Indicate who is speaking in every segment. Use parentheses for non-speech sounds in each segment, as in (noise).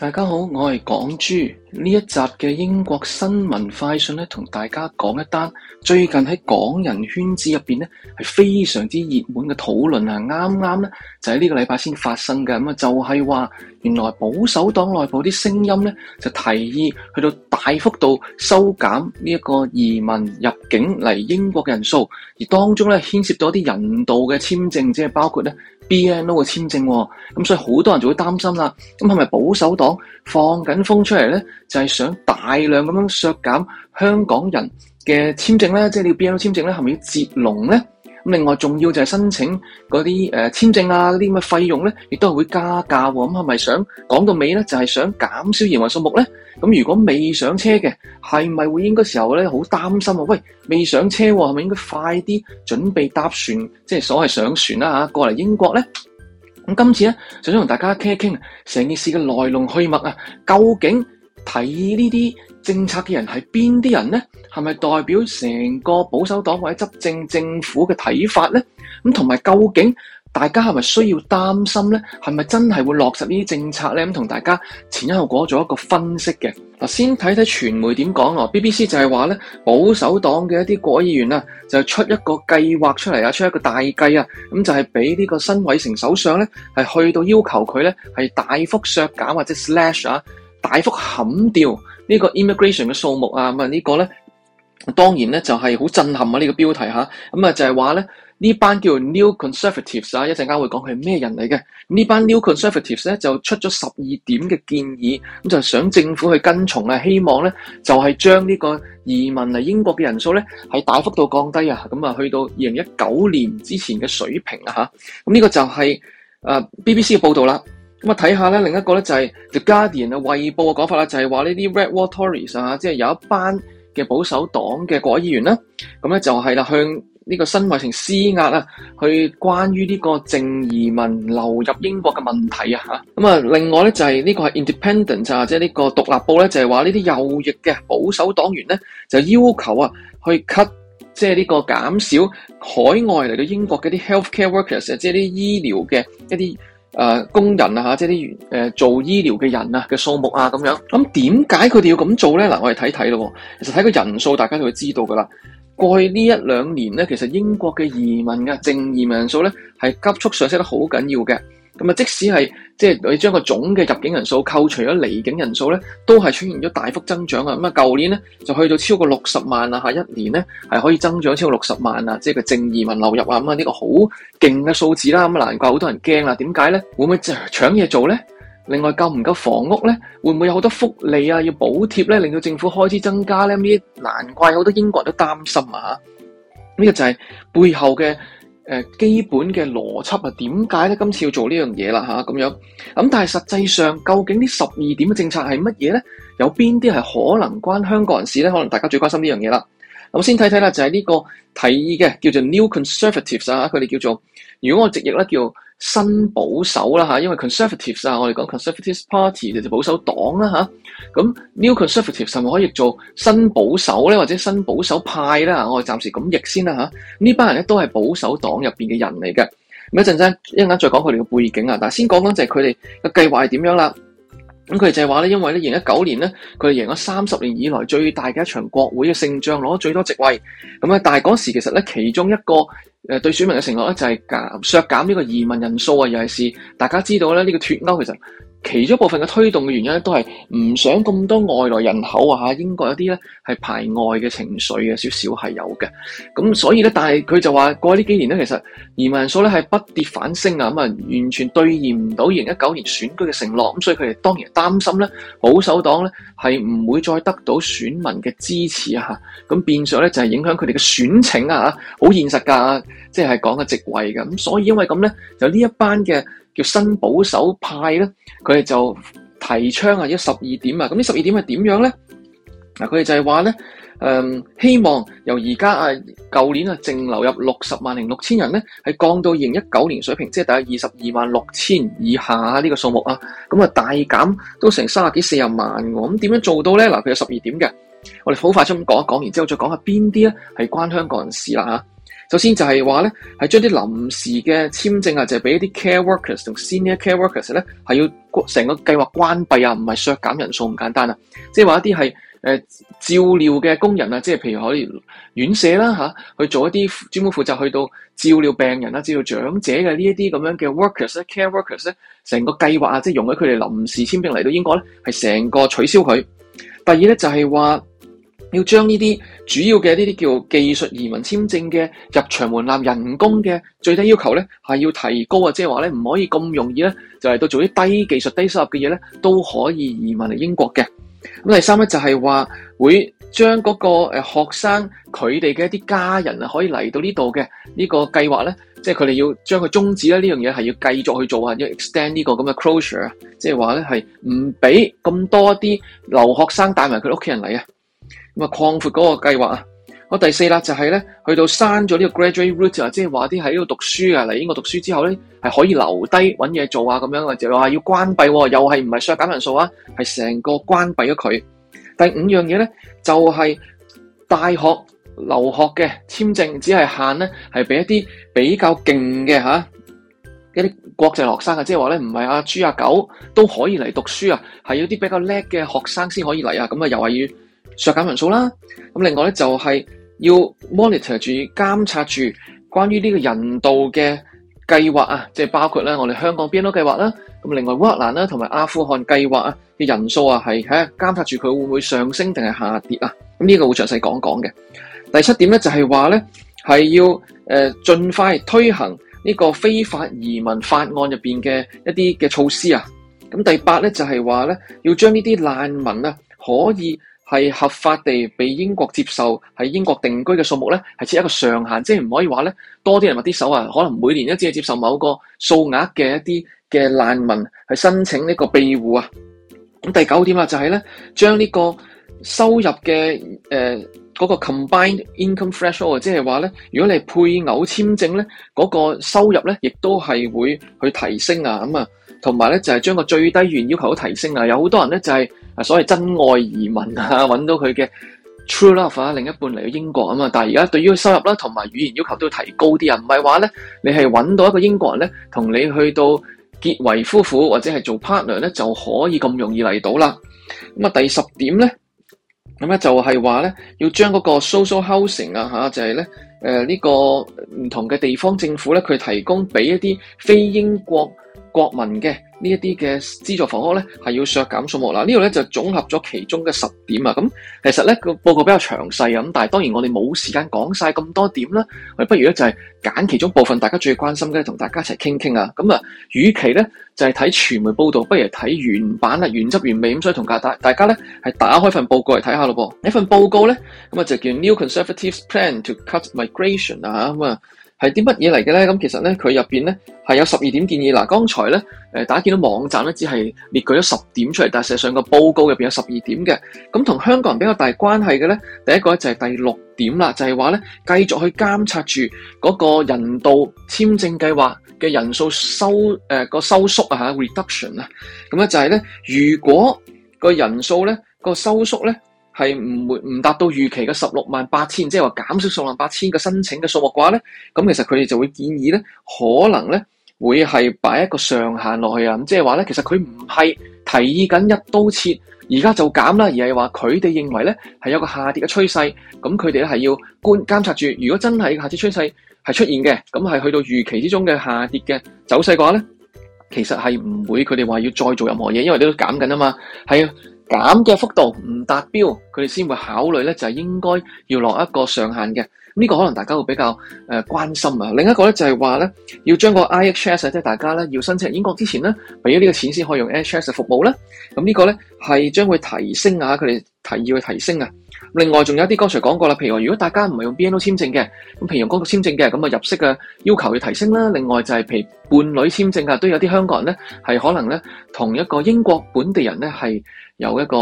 Speaker 1: 大家好，我係港珠，呢一集嘅英國新聞快訊咧，同大家講一單最近喺港人圈子入邊咧係非常之熱門嘅討論啊，啱啱咧就喺、是、呢個禮拜先發生嘅，咁啊就係、是、話原來保守黨內部啲聲音咧就提議去到。大幅度收減呢一個移民入境嚟英國嘅人數，而當中咧牽涉咗啲人道嘅簽證，即係包括咧 BNO 嘅簽證。咁、嗯、所以好多人就會擔心啦。咁係咪保守黨放緊風出嚟咧？就係、是、想大量咁樣削減香港人嘅簽證咧？即係你 BNO 簽證咧，係咪要截龍咧？另外仲要就係申請嗰啲誒簽證啊，啲咁嘅費用咧，亦都係會加價喎、哦。咁係咪想講到尾咧，就係、是、想減少移民數目咧？咁、嗯、如果未上車嘅，係咪會應該時候咧好擔心啊？喂，未上車係、哦、咪應該快啲準備搭船，即係所謂上船啊？吓，過嚟英國咧？咁、嗯、今次咧就想同大家傾一傾，成件事嘅來龍去脈啊，究竟睇呢啲？政策嘅人係邊啲人呢？係咪代表成個保守黨或者執政政府嘅睇法呢？咁同埋究竟大家係咪需要擔心呢？係咪真係會落實呢啲政策呢？咁同大家前因後果做一個分析嘅，嗱，先睇睇傳媒點講咯。BBC 就係話呢，保守黨嘅一啲國會議員啊，就出一個計劃出嚟啊，出一個大計啊，咁就係俾呢個辛偉誠首相呢，係去到要求佢呢，係大幅削減或者 slash 啊，大幅砍掉。這個 mm 的數這個、呢個 immigration 嘅數目啊，咁啊呢個咧當然咧就係好震撼啊！呢、這個標題吓，咁啊就係話咧呢這班叫做 new conservatives 啊，一陣間會講佢係咩人嚟嘅。呢班 new conservatives 咧就出咗十二點嘅建議，咁就係想政府去跟從啊，希望咧就係將呢個移民嚟英國嘅人數咧係大幅度降低啊，咁啊去到二零一九年之前嘅水平啊吓，咁、這、呢個就係、是啊、BBC 嘅報導啦。咁啊，睇下咧，另一個咧就係 The Guardian 啊，衛報嘅講法啦，就係話呢啲 Red Wall Tories 啊，即係有一班嘅保守黨嘅國會議員咧，咁咧就係啦，向呢個辛偉誠施壓啊，去關於呢個淨移民流入英國嘅問題啊，咁啊，另外咧就係呢個係 Independent 啊，即係呢個獨立報咧，就係話呢啲右翼嘅保守黨員咧，就要求啊，去 cut 即係呢個減少海外嚟到英國嘅啲 healthcare workers 啊，即係啲醫療嘅一啲。誒、呃，工人啊吓，即係啲誒做醫療嘅人啊嘅數目啊咁樣，咁點解佢哋要咁做咧？嗱，我哋睇睇咯，其實睇個人數，大家就會知道噶啦。過去呢一兩年咧，其實英國嘅移民啊，淨移民人數咧係急速上升得好緊要嘅。咁啊，即使係即係你將個總嘅入境人數扣除咗離境人數咧，都係出現咗大幅增長啊！咁啊，舊年咧就去到超過六十萬啊，下一年咧係可以增長超過六十萬啊，即係個正移民流入啊！咁啊，呢個好勁嘅數字啦，咁啊，難怪好多人驚啦，點解咧？會唔會即係搶嘢做咧？另外夠唔夠房屋咧？會唔會有好多福利啊？要補貼咧，令到政府開支增加咧？咁呢？難怪好多英國人都擔心啊！呢、呢個就係背後嘅誒基本嘅邏輯啊，點解咧？今次要做呢樣嘢啦嚇，咁樣咁，但係實際上究竟呢十二點嘅政策係乜嘢咧？有邊啲係可能關香港人士咧？可能大家最關心呢樣嘢啦。咁先睇睇啦，就係呢個提議嘅叫做 New Conservatives 啊，佢哋叫做，如果我直譯咧叫。新保守啦吓，因為 conservatives 啊，我哋講 conservatives party 其實保守黨啦吓。咁 new conservatives 係咪可以做新保守咧，或者新保守派咧？我哋暫時咁譯先啦吓。呢班人咧都係保守黨入邊嘅人嚟嘅。咁一陣間一陣間再講佢哋嘅背景啊。但先講講就係佢哋嘅計劃係點樣啦。咁佢哋就係話咧，因為咧二零一九年咧，佢哋贏咗三十年以來最大嘅一場國會嘅勝仗，攞咗最多席位。咁啊，但係嗰時其實咧，其中一個誒對選民嘅承諾咧，就係削減呢個移民人數啊，尤其是大家知道咧，呢個脫歐其實。其中一部分嘅推動嘅原因咧，都係唔想咁多外來人口啊！嚇，英國有啲咧係排外嘅情緒啊，少少係有嘅。咁所以咧，但係佢就話過呢幾年咧，其實移民數咧係不跌反升啊！咁啊，完全兌現唔到二零一九年選舉嘅承諾。咁所以佢哋當然擔心咧，保守黨咧係唔會再得到選民嘅支持啊！嚇，咁變相咧就係影響佢哋嘅選情啊！嚇，好現實噶，即係講嘅席位㗎。咁所以因為咁咧，就呢一班嘅。叫新保守派咧，佢哋就提倡啊，這12點是怎樣呢十二點啊，咁呢十二點係點樣咧？嗱，佢哋就係話咧，誒，希望由而家啊，舊年啊，淨流入六十萬零六千人咧，係降到二零一九年水平，即、就、係、是、大約二十二萬六千以下呢個數目啊，咁啊大減都成三十幾四十萬、啊，咁點樣做到咧？嗱，佢有十二點嘅，我哋好快速咁講一講，然之後再講下邊啲咧係關香港人事啦、啊、吓。首先就係話咧，係將啲臨時嘅簽證啊，就係、是、俾一啲 care workers 同 senior care workers 咧，係要成個計劃關閉啊，唔係削減人數唔簡單啊。即係話一啲係、呃、照料嘅工人啊，即係譬如可以院舍啦、啊、吓去做一啲專門負責去到照料病人啦、啊、照料長者嘅呢一啲咁樣嘅 workers care workers 咧，成個計劃啊，即係容許佢哋臨時簽證嚟到英國咧，係成個取消佢。第二咧就係、是、話。要將呢啲主要嘅呢啲叫技術移民簽證嘅入場門檻人工嘅最低要求咧，係要提高啊，即係話咧唔可以咁容易咧就嚟到做啲低技術低收入嘅嘢咧都可以移民嚟英國嘅。咁第三咧就係話會將嗰個誒學生佢哋嘅一啲家人啊可以嚟到呢度嘅呢個計劃咧，即係佢哋要將佢中止，呢樣嘢係要繼續去做啊，要 extend 呢個咁嘅 closure 啊，即係話咧係唔俾咁多啲留學生帶埋佢屋企人嚟啊。咁啊，擴闊嗰個計劃啊！我第四啦，就係咧，去到刪咗呢個 graduate route 啊，即係話啲喺呢度讀書啊。嚟英國讀書之後咧，係可以留低揾嘢做啊，咁樣嘅就話要關閉喎，又係唔係削減人數啊？係成個關閉咗佢。第五樣嘢咧，就係、是、大學留學嘅簽證，只係限咧係俾一啲比較勁嘅吓，一啲國際學生、就是、啊。即係話咧唔係阿豬阿狗都可以嚟讀書啊，係有啲比較叻嘅學生先可以嚟啊，咁啊又話要。削減人數啦，咁另外咧就係要 monitor 住監察住關於呢個人道嘅計劃啊，即係包括咧我哋香港 BNO 計劃啦。咁另外烏克蘭啦同埋阿富汗計劃啊嘅人數啊係吓監察住佢會唔會上升定係下跌啊。咁、這、呢個會詳細講講嘅。第七點咧就係話咧係要誒盡快推行呢個非法移民法案入邊嘅一啲嘅措施啊。咁第八咧就係話咧要將呢啲難民啊可以。係合法地被英國接受，喺英國定居嘅數目咧，係設一個上限，即係唔可以話咧多啲人或啲手啊，可能每年一只係接受某個數額嘅一啲嘅難民係申請呢個庇護啊。咁第九點啦，就係咧將呢將個收入嘅誒嗰個 combined income threshold，即係話咧，如果你配偶簽證咧，嗰個收入咧，亦都係會去提升啊。咁啊，同埋咧就係將個最低語言要求提升啊。有好多人咧就係。所謂真愛移民啊，揾到佢嘅 true love 啊，另一半嚟到英國啊嘛，但係而家對於收入啦同埋語言要求都要提高啲啊，唔係話咧，你係揾到一個英國人咧，同你去到結為夫婦或者係做 partner 咧，就可以咁容易嚟到啦。咁啊，第十點咧，咁咧就係話咧，要將嗰個 social housing 啊，吓就係咧，誒呢個唔同嘅地方政府咧，佢提供俾一啲非英國國民嘅呢一啲嘅資助房屋咧，係要削減數目嗱。這呢度咧就總合咗其中嘅十點啊。咁、嗯、其實咧個報告比較詳細啊。咁但係當然我哋冇時間講晒咁多點啦。我不如咧就係、是、揀其中部分，大家最關心嘅，同大家一齊傾傾啊。咁、嗯、啊，與其咧就係睇傳媒報道，不如睇原版啊，原汁原味咁、嗯，所以同大大家咧係打開份報告嚟睇下咯噃。呢份報告咧，咁、嗯、啊就叫 New Conservatives Plan to Cut Migration 啊咁啊。嗯係啲乜嘢嚟嘅咧？咁其實咧，佢入邊咧係有十二點建議。嗱，剛才咧，誒大家見到網站咧只係列舉咗十點出嚟，但係實際上個報告入邊有十二點嘅。咁同香港人比較大關係嘅咧，第一個咧就係第六點啦，就係話咧繼續去監察住嗰個人道簽證計劃嘅人數收誒、呃個，那個收縮啊吓 reduction 啊。咁咧就係咧，如果個人數咧個收縮咧。係唔會唔達到預期嘅十六萬八千，即係話減少數萬八千嘅申請嘅數目嘅話咧，咁其實佢哋就會建議咧，可能咧會係擺一個上限落去啊，咁即係話咧，其實佢唔係提議緊一刀切，而家就減啦，而係話佢哋認為咧係有個下跌嘅趨勢，咁佢哋咧係要監察住，如果真係下跌趨勢係出現嘅，咁係去到預期之中嘅下跌嘅走勢嘅話咧，其實係唔會佢哋話要再做任何嘢，因為你都減緊啊嘛，係。減嘅幅度唔達標，佢哋先會考慮咧，就係、是、應該要落一個上限嘅。呢、這個可能大家會比較誒、呃、關心啊。另一個咧就係話咧，要將個 IHS 即係大家咧要申請英國之前咧，俾咗呢個錢先可以用、H、HS 嘅服務呢。咁呢個咧係將會提升啊，佢哋提議去提升啊。另外仲有啲剛才講過啦，譬如話如果大家唔係用 BNO 簽證嘅，咁譬如用嗰個簽證嘅，咁啊入息嘅要求要提升啦。另外就係譬如伴侶簽證啊，都有啲香港人咧係可能咧同一個英國本地人咧係有一個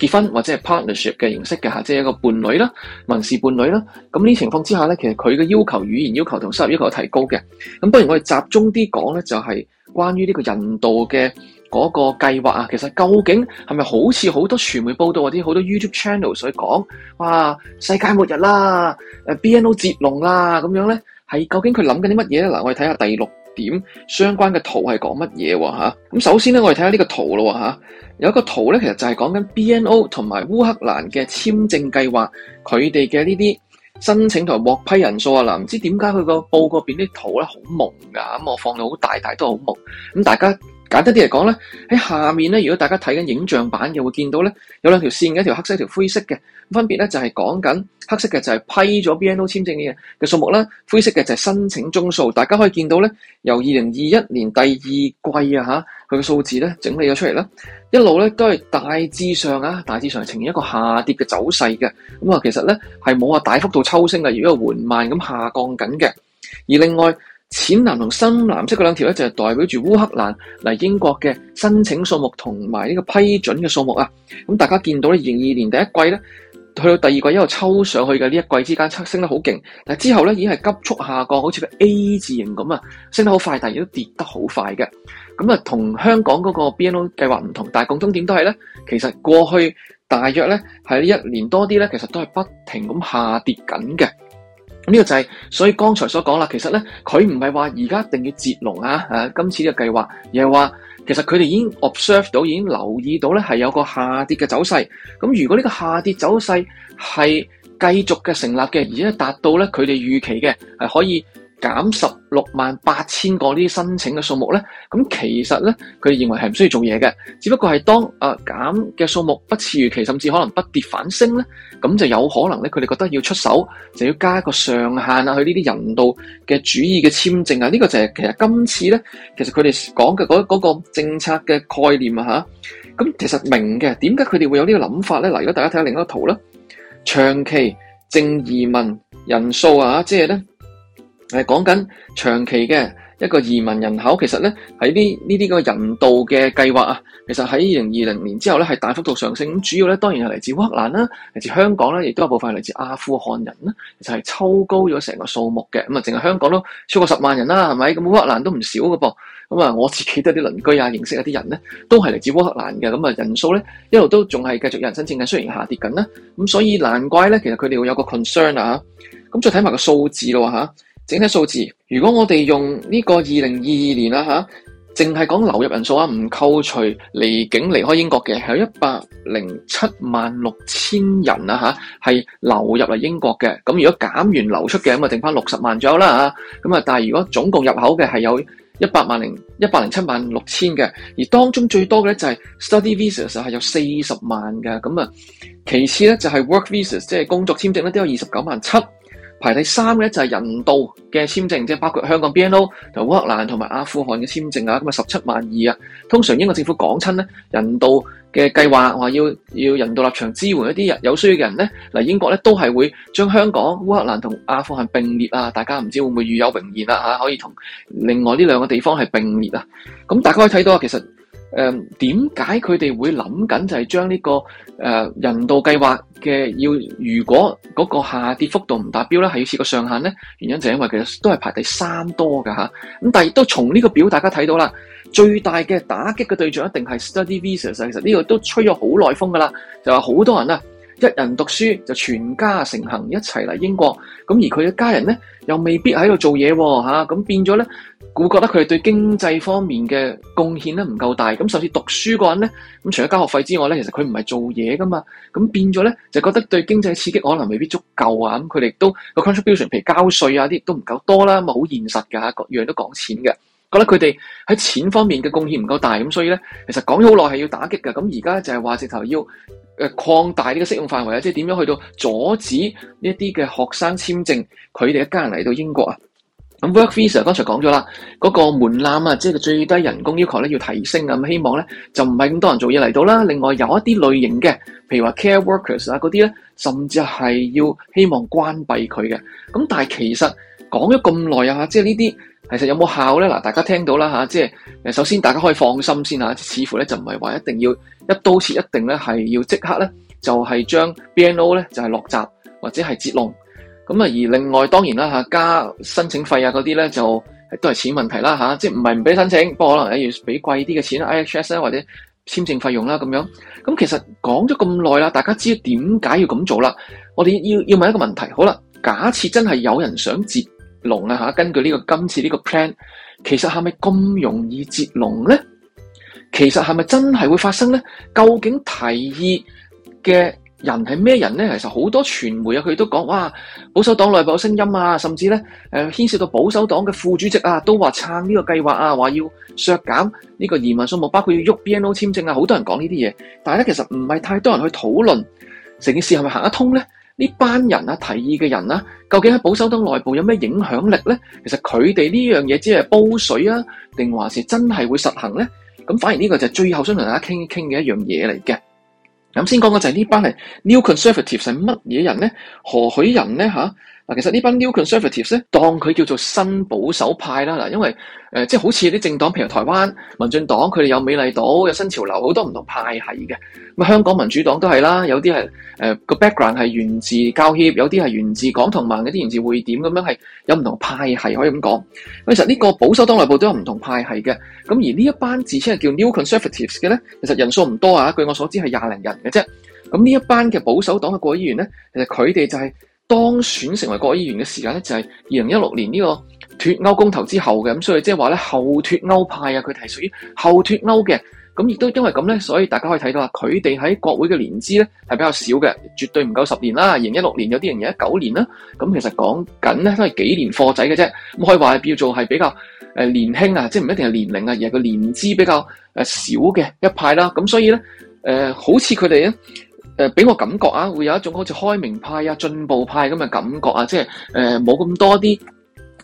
Speaker 1: 結婚或者係 partnership 嘅形式嘅吓，即係一個伴侶啦、民事伴侶啦。咁呢情況之下咧，其實佢嘅要求、語言要求同收入要求提高嘅。咁不如我哋集中啲講咧，就係關於呢個人道嘅。嗰個計劃啊，其實究竟係咪好似好多傳媒報道嗰啲好多 YouTube channel 所講，哇，世界末日啦，誒 B N O 截龍啦咁樣咧，係究竟佢諗緊啲乜嘢咧？嗱，我哋睇下第六點相關嘅圖係講乜嘢喎？咁、啊、首先咧，我哋睇下呢個圖咯嚇、啊，有一個圖咧，其實就係講緊 B N O 同埋烏克蘭嘅簽證計劃，佢哋嘅呢啲申請同獲批人數啊。嗱，唔知點解佢個報告邊啲圖咧好朦噶，咁、嗯、我放到好大大都好朦，咁、嗯、大家。簡單啲嚟講咧，喺下面咧，如果大家睇緊影像版嘅，會見到咧有兩條線嘅，一條黑色，一條灰色嘅，分別咧就係講緊黑色嘅就係批咗 BNO 簽證嘅嘅數目啦，灰色嘅就係申請宗數。大家可以見到咧，由二零二一年第二季啊嚇佢嘅數字咧整理咗出嚟啦，一路咧都係大致上啊，大致上呈現一個下跌嘅走勢嘅。咁啊，其實咧係冇話大幅度抽升嘅，而係緩慢咁下降緊嘅。而另外，淺藍同深藍色嗰兩條咧，就係代表住烏克蘭嚟英國嘅申請數目同埋呢個批准嘅數目啊。咁大家見到咧，二二年第一季咧去到第二季一路抽上去嘅呢一季之間升得好勁，但之後咧已經係急速下降，好似個 A 字形咁啊，升得好快，但亦都跌得好快嘅。咁啊，同香港嗰個 BNO 計劃唔同，但係共通點都係咧，其實過去大約咧喺呢一年多啲咧，其實都係不停咁下跌緊嘅。呢個就係、是，所以剛才所講啦，其實咧佢唔係話而家一定要截龍啊，啊，今次呢個計劃，而係話，其實佢哋已經 observe 到，已經留意到咧係有個下跌嘅走勢。咁如果呢個下跌走勢係繼續嘅成立嘅，而且達到咧佢哋預期嘅，係可以。減十六萬八千個呢啲申請嘅數目咧，咁其實咧佢哋認為係唔需要做嘢嘅，只不過係當啊減嘅數目不次預期，甚至可能不跌反升咧，咁就有可能咧佢哋覺得要出手，就要加一個上限啊去呢啲人道嘅主義嘅簽證啊，呢、這個就係其實今次咧，其實佢哋講嘅嗰個政策嘅概念啊吓，咁其實明嘅，點解佢哋會有個呢個諗法咧？嗱，如果大家睇下另一個圖啦，長期正移民人數啊，即係咧。係講緊長期嘅一個移民人口，其實咧喺啲呢啲個人道嘅計劃啊，其實喺二零二零年之後咧係大幅度上升。咁主要咧當然係嚟自烏克蘭啦，嚟自香港啦，亦都有部分係嚟自阿富汗人啦，其實就係抽高咗成個數目嘅咁啊。淨係香港都超過十萬人啦，係咪咁烏克蘭都唔少嘅噃？咁啊，我自己都有啲鄰居啊，認識一啲人咧都係嚟自烏克蘭嘅咁啊。人數咧一路都仲係繼續有人申請緊，雖然下跌緊啦。咁所以難怪咧，其實佢哋會有個 concern 啊。咁再睇埋個數字咯嚇。整體數字，如果我哋用呢個二零二二年啦吓，淨係講流入人數啊，唔扣除離境離開英國嘅，係有一百零七萬六千人啊吓，係流入嚟英國嘅。咁如果減完流出嘅，咁啊剩翻六十萬左右啦吓。咁啊，但係如果總共入口嘅係有一百萬零一百零七萬六千嘅，而當中最多嘅咧就係 study visas 係有四十萬嘅。咁啊，其次咧就係 work visas 即係工作簽證咧都有二十九萬七。排第三呢，就係人道嘅簽證，即係包括香港 BNO、同烏克蘭同埋阿富汗嘅簽證啊，咁啊十七萬二啊。通常英國政府講親咧，人道嘅計劃話要要人道立場支援一啲人有需要嘅人咧，嚟英國咧都係會將香港、烏克蘭同阿富汗並列啊。大家唔知會唔會與有榮焉啊？可以同另外呢兩個地方係並列啊。咁大家可以睇到啊，其實。誒點解佢哋會諗緊就係將呢個誒、呃、人道計劃嘅要，如果嗰個下跌幅度唔達標咧，係要設個上限咧？原因就係因為其實都係排第三多㗎吓。咁、啊、但係亦都從呢個表，大家睇到啦，最大嘅打擊嘅對象一定係 Study Visa，啊。其實呢個都吹咗好耐風噶啦，就話好多人啊，一人讀書就全家成行一齊嚟英國。咁而佢嘅家人咧又未必喺度做嘢喎吓，咁變咗咧。我覺得佢哋對經濟方面嘅貢獻咧唔夠大，咁首先讀書嗰人咧，咁除咗交學費之外咧，其實佢唔係做嘢噶嘛，咁變咗咧就覺得對經濟刺激可能未必足夠啊！咁佢哋都個 contribution，譬如交稅啊啲都唔夠多啦，咁啊好現實噶，各樣都講錢嘅，覺得佢哋喺錢方面嘅貢獻唔夠大，咁所以咧，其實講咗好耐係要打擊㗎。咁而家就係話直頭要誒擴大呢個適用範圍啊，即係點樣去到阻止呢一啲嘅學生簽證佢哋一家人嚟到英國啊？咁 work visa，剛才講咗啦，嗰個門檻啊，即係最低人工要求咧，要提升啊，咁希望咧就唔係咁多人做嘢嚟到啦。另外有一啲類型嘅，譬如話 care workers 啊嗰啲咧，甚至係要希望關閉佢嘅。咁但係其實講咗咁耐啊，即係呢啲其實有冇效咧？嗱，大家聽到啦吓，即係誒首先大家可以放心先嚇，似乎咧就唔係話一定要一刀切，一定咧係要即刻咧就係將 BNO 咧就係落閘或者係截龍。咁啊，而另外當然啦嚇，加申請費啊嗰啲咧就都係錢問題啦嚇，即係唔係唔俾申請，不過可能要俾貴啲嘅錢 IHS 啦，或者簽證費用啦咁樣。咁其實講咗咁耐啦，大家知點解要咁做啦？我哋要要問一個問題，好啦，假設真係有人想接龍啊嚇，根據呢個今次呢個 plan，其實係咪咁容易接龍呢？其實係咪真係會發生呢？究竟提議嘅人係咩人呢？其實好多傳媒啊，佢都講哇，保守黨內部有聲音啊，甚至呢誒、呃、牽涉到保守黨嘅副主席啊，都話撐呢個計劃啊，話要削減呢個移民數目，包括要喐 BNO 簽證啊，好多人講呢啲嘢。但係咧，其實唔係太多人去討論成件事係咪行得通呢？呢班人啊，提議嘅人啊，究竟喺保守黨內部有咩影響力呢？其實佢哋呢樣嘢只係煲水啊，定還是真係會實行呢？咁反而呢個就係最後想同大家傾一傾嘅一樣嘢嚟嘅。咁先講嘅就係呢班係 New Conservatives 係乜嘢人咧？何許人咧？吓？其實呢班 New Conservatives 咧，當佢叫做新保守派啦。嗱，因為誒，即、呃、係、就是、好似啲政黨，譬如台灣民進黨，佢哋有美麗島，有新潮流，好多唔同派系嘅。咁、嗯、香港民主黨都係啦，有啲係誒個 background 係源自教協，有啲係源自港同盟，有啲源自會點咁樣係有唔同派系可以咁講。咁、嗯、其實呢個保守黨內部都有唔同派系嘅。咁、嗯、而呢一班自稱係叫 New Conservatives 嘅咧，其實人數唔多啊，據我所知係廿零人嘅啫。咁、嗯、呢一班嘅保守黨嘅國會議員咧，其實佢哋就係、是。當選成為國議員嘅時間咧，就係二零一六年呢個脫歐公投之後嘅，咁所以即係話咧，後脫歐派啊，佢哋係屬於後脫歐嘅，咁亦都因為咁咧，所以大家可以睇到啊，佢哋喺國會嘅年資咧係比較少嘅，絕對唔夠十年啦，二零一六年有啲人二零一九年啦，咁其實講緊咧都係幾年貨仔嘅啫，咁可以話係叫做係比較誒年輕啊，即係唔一定係年齡啊，而係個年資比較誒少嘅一派啦，咁所以咧誒，好似佢哋咧。誒俾、呃、我感覺啊，會有一種好似開明派啊、進步派咁嘅感覺啊，即係誒冇咁多啲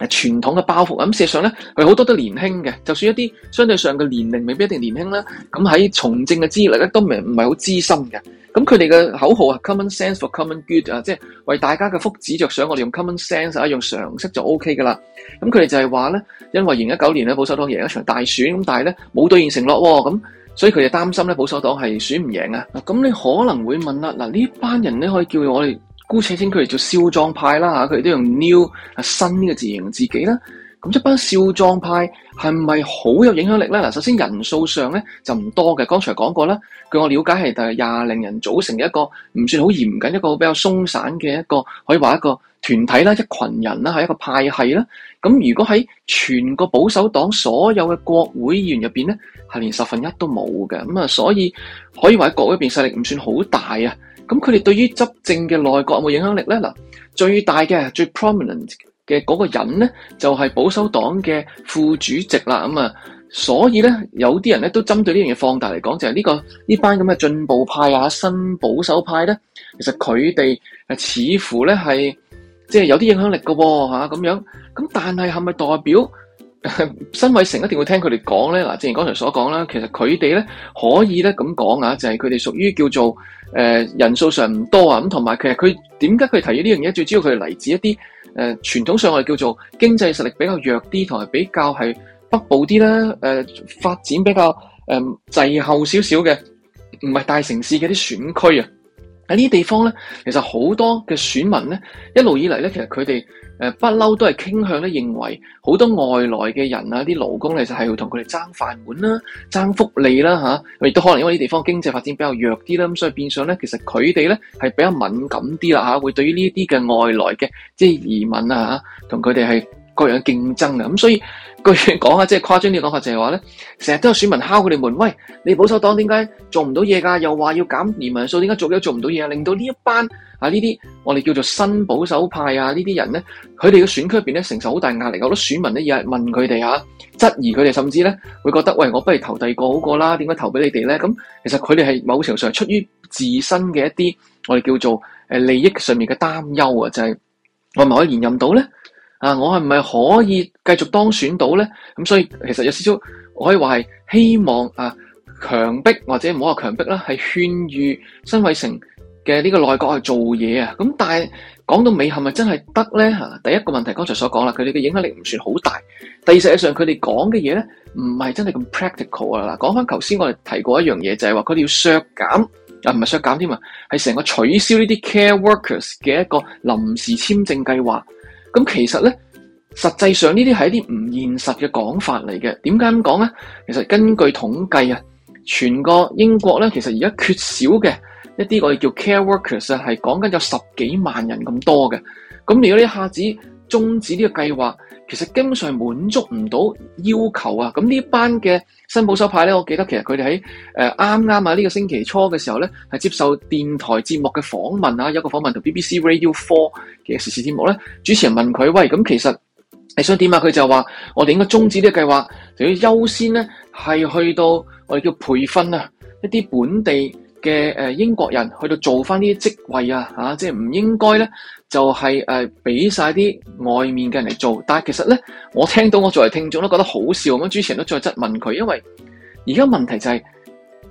Speaker 1: 傳統嘅包袱。咁事實上咧，佢好多都年輕嘅，就算一啲相對上嘅年齡未必一定年輕啦。咁喺從政嘅資歷咧，都唔唔係好資深嘅。咁佢哋嘅口號啊，common sense for common good 啊，即係為大家嘅福祉着想。我哋用 common sense 啊，用常識就 OK 噶啦。咁佢哋就係話咧，因為二零一九年咧，保守黨贏咗場大選，咁但係咧冇兌現承諾喎，咁、哦。嗯所以佢哋擔心咧，保守黨係選唔贏啊！咁你可能會問啦，嗱，呢班人咧，可以叫我哋姑且稱佢哋做少壯派啦吓，佢哋都用 new 啊，新呢個字形容自己啦。咁一班少壯派係咪好有影響力咧？嗱，首先人數上咧就唔多嘅，剛才講過啦。據我了解係大概廿零人組成嘅一個唔算好嚴謹，一個比較鬆散嘅一個可以話一個團體啦，一群人啦，係一個派系啦。咁如果喺全個保守黨所有嘅國會議員入面咧？係連十分一都冇嘅，咁啊，所以可以話喺國會入邊勢力唔算好大啊。咁佢哋對於執政嘅內閣有冇影響力咧？嗱，最大嘅、最 prominent 嘅嗰個人咧，就係保守黨嘅副主席啦。咁啊，所以咧，有啲人咧都針對呢樣嘢放大嚟講，就係呢個呢班咁嘅進步派啊、新保守派咧，其實佢哋誒似乎咧係即係有啲影響力噶喎嚇咁樣。咁但係係咪代表？ (laughs) 辛偉誠一定會聽佢哋講咧，嗱，正如剛才所講啦，其實佢哋咧可以咧咁講啊，就係佢哋屬於叫做誒、呃、人數上唔多啊，咁同埋其實佢點解佢提議呢樣嘢？最主要佢嚟自一啲誒傳統上我哋叫做經濟實力比較弱啲，同埋比較係北部啲啦，誒、呃、發展比較誒滯、呃、後少少嘅，唔係大城市嘅啲選區啊。喺呢啲地方咧，其實好多嘅選民咧，一路以嚟咧，其實佢哋誒不嬲都係傾向咧，認為好多外來嘅人啊，啲勞工咧就係要同佢哋爭飯碗啦、爭福利啦吓，亦都可能因為呢啲地方經濟發展比較弱啲啦，咁所以變相咧，其實佢哋咧係比較敏感啲啦吓，會對於呢啲嘅外來嘅即係移民啊嚇，同佢哋係各樣競爭啊，咁所以據講啊，即係誇張啲講法就係話咧，成日都有選民敲佢哋門，喂，你保守黨點解做唔到嘢噶，啊？又話要減移民數，點解做又做唔到嘢啊？令到呢一班啊呢啲我哋叫做新保守派啊這些人呢啲人咧，佢哋嘅選區入邊咧承受好大壓力。好多選民都日日問佢哋吓，質疑佢哋，甚至咧會覺得喂，我不如投第二個好過啦，點解投俾你哋咧？咁其實佢哋係某程度上出於自身嘅一啲我哋叫做誒利益上面嘅擔憂啊，就係、是、我咪可以連任到咧？啊！我係咪可以繼續當選到咧？咁所以其實有少少，我可以話係希望啊，強迫或者唔好話強迫啦，係勸喻辛偉誠嘅呢個內閣去做嘢啊！咁但係講到尾係咪真係得咧？吓，第一個問題剛才所講啦，佢哋嘅影響力唔算好大。第二，實際上佢哋講嘅嘢咧，唔係真係咁 practical 啊！嗱，講翻頭先我哋提過一樣嘢，就係話佢哋要削減啊，唔係削減添啊，係成個取消呢啲 care workers 嘅一個臨時簽證計劃。咁其實咧，實際上呢啲係一啲唔現實嘅講法嚟嘅。點解咁講咧？其實根據統計啊，全個英國咧，其實而家缺少嘅一啲我哋叫 care workers 啊，係講緊有十幾萬人咁多嘅。咁如果一下子，中止呢個計劃，其實基本上滿足唔到要求啊！咁呢班嘅新保守派咧，我記得其實佢哋喺誒啱啱啊呢、這個星期初嘅時候咧，係接受電台節目嘅訪問啊，有一個訪問同 BBC Radio Four 嘅時事節目咧，主持人問佢：喂，咁其實你想點啊？佢就話：我哋應該中止呢個計劃，就要優先咧係去到我哋叫培訓啊，一啲本地。嘅英國人去到做翻呢啲職位啊，嚇，即係唔應該咧，就係誒俾曬啲外面嘅人嚟做。但係其實咧，我聽到我作為聽眾都覺得好笑，咁主持人都再質問佢，因為而家問題就係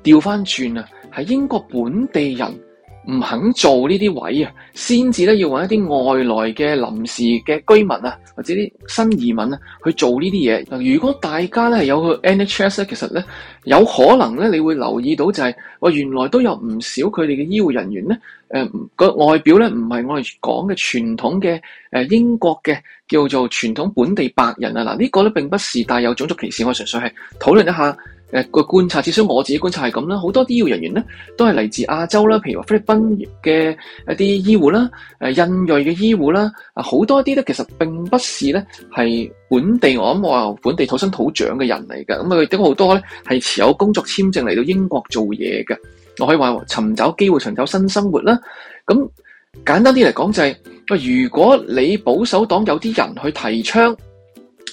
Speaker 1: 調翻轉啊，係英國本地人，唔肯做呢啲位啊，先至咧要揾一啲外來嘅臨時嘅居民啊，或者啲新移民啊去做呢啲嘢。如果大家咧有去 NHS 咧，其實咧有可能咧，你會留意到就係，哇，原來都有唔少佢哋嘅醫護人員咧，呃、個外表咧唔係我哋講嘅傳統嘅英國嘅叫做傳統本地白人啊！嗱、呃，呢個咧並不是帶有種族歧視，我純粹係討論一下。誒個觀察，至少我自己觀察係咁啦。好多醫護人員咧，都係嚟自亞洲啦，譬如話菲律賓嘅一啲醫護啦，誒印裔嘅醫護啦，啊好多啲咧其實並不是咧係本地，我諗話我本地土生土長嘅人嚟嘅。咁啊，佢哋都好多咧係持有工作簽證嚟到英國做嘢嘅。我可以話尋找機會，尋找新生活啦。咁簡單啲嚟講就係、是，如果你保守黨有啲人去提倡，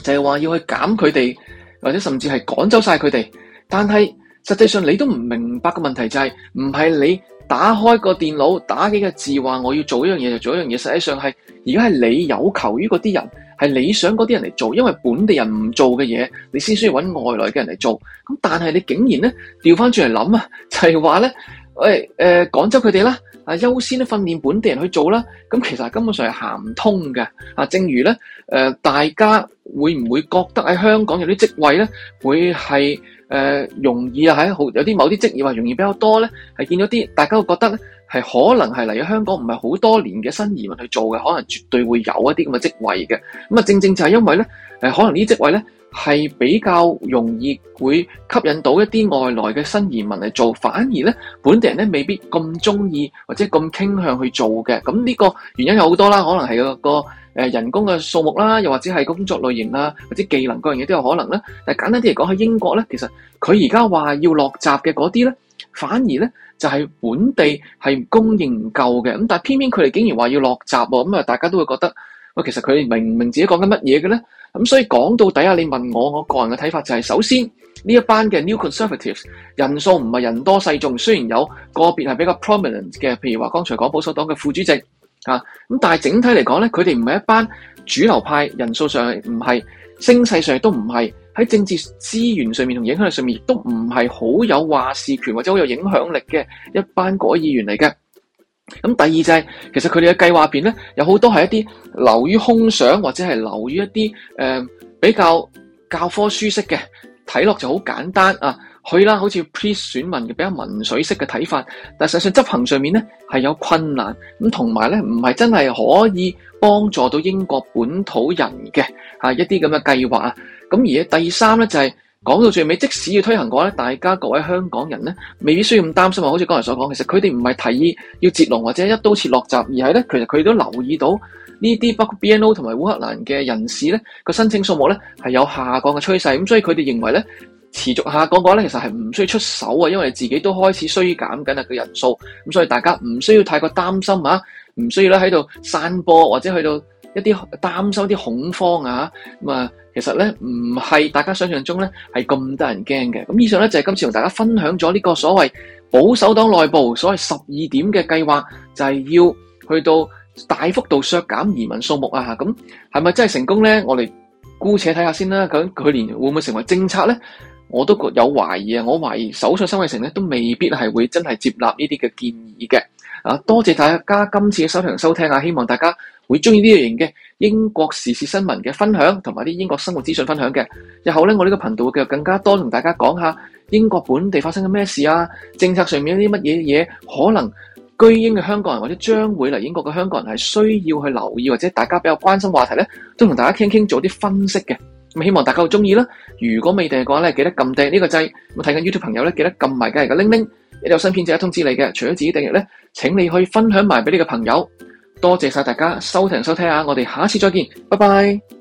Speaker 1: 就係、是、話要去減佢哋，或者甚至係趕走晒佢哋。但係實際上你都唔明白嘅問題就係、是，唔係你打開個電腦打幾個字話我要做一樣嘢就做一樣嘢。實際上係而家係你有求於嗰啲人，係你想嗰啲人嚟做，因為本地人唔做嘅嘢，你先需要揾外來嘅人嚟做。咁但係你竟然咧調返轉嚟諗啊，就係話咧。喂，誒、呃、廣州佢哋啦，啊優先訓練本地人去做啦，咁其實根本上係行唔通嘅。啊，正如咧，誒、呃、大家會唔會覺得喺香港有啲職位咧，會係誒、呃、容易啊？喺好有啲某啲職業話容易比較多咧，係見到啲大家會覺得咧，係可能係嚟香港唔係好多年嘅新移民去做嘅，可能絕對會有一啲咁嘅職位嘅。咁啊，正正就係因為咧，誒、可能呢啲職位咧。係比較容易會吸引到一啲外來嘅新移民嚟做，反而咧，本地人咧，未必咁中意或者咁傾向去做嘅。咁呢個原因有好多啦，可能係個人工嘅數目啦，又或者係工作類型啦，或者技能嗰樣嘢都有可能啦。但簡單啲嚟講，喺英國咧，其實佢而家話要落閘嘅嗰啲咧，反而咧就係本地係供應唔夠嘅。咁但係偏偏佢哋竟然話要落閘喎，咁啊，大家都會覺得。喂，其實佢明唔明自己講緊乜嘢嘅咧？咁所以講到底下你問我，我個人嘅睇法就係、是，首先呢一班嘅 New Conservatives 人數唔係人多勢眾，雖然有個別係比較 prominent 嘅，譬如話剛才講保守黨嘅副主席啊，咁但係整體嚟講咧，佢哋唔係一班主流派，人數上唔係，聲勢上亦都唔係，喺政治資源上面同影響力上面亦都唔係好有話事權或者好有影響力嘅一班改啲議員嚟嘅。咁第二就係、是，其實佢哋嘅計劃入邊呢，咧，有好多係一啲流於空想，或者係流於一啲誒、呃、比較教科書式嘅睇落就好簡單啊，去啦，好似 Pre 選民嘅比較文水式嘅睇法，但係實際執行上面咧係有困難，咁同埋咧唔係真係可以幫助到英國本土人嘅啊一啲咁嘅計劃啊，咁而家第三咧就係、是。講到最尾，即使要推行嘅話咧，大家各位香港人咧，未必需要咁擔心啊！好似剛才所講，其實佢哋唔係提議要截龍或者一刀切落閘，而係咧，其實佢都留意到呢啲包括 BNO 同埋烏克蘭嘅人士咧個申請數目咧係有下降嘅趨勢，咁所以佢哋認為咧持續下降嘅話咧，其實係唔需要出手啊，因為自己都開始衰減緊啊個人數，咁所以大家唔需要太過擔心啊，唔需要咧喺度散播或者去到。一啲擔心、啲恐慌啊，咁啊，其實咧唔係大家想象中咧係咁得人驚嘅。咁以上咧就係、是、今次同大家分享咗呢個所謂保守黨內部所謂十二點嘅計劃，就係、是、要去到大幅度削減移民數目啊。咁係咪真係成功咧？我哋姑且睇下先啦。咁佢年會唔會成為政策咧？我都有懷疑啊。我懷疑首相辛偉誠咧都未必係會真係接納呢啲嘅建議嘅。啊，多謝大家今次嘅收聽收聽啊，希望大家會中意呢類型嘅英國時事新聞嘅分享，同埋啲英國生活資訊分享嘅。日後咧，我呢個頻道會繼續更加多同大家講下英國本地發生嘅咩事啊，政策上面有啲乜嘢嘢，可能居英嘅香港人或者將會嚟英國嘅香港人係需要去留意，或者大家比較關心話題咧，都同大家傾傾，做啲分析嘅。咁希望大家中意啦。如果未訂嘅話咧，記得撳訂呢個掣。我睇緊 YouTube 朋友咧，記得撳埋隔籬嘅鈴鈴，一有新片就輯通知你嘅。除咗自己訂閱咧，請你去分享埋俾你嘅朋友。多謝晒大家收聽收聽啊！我哋下次再見，拜拜。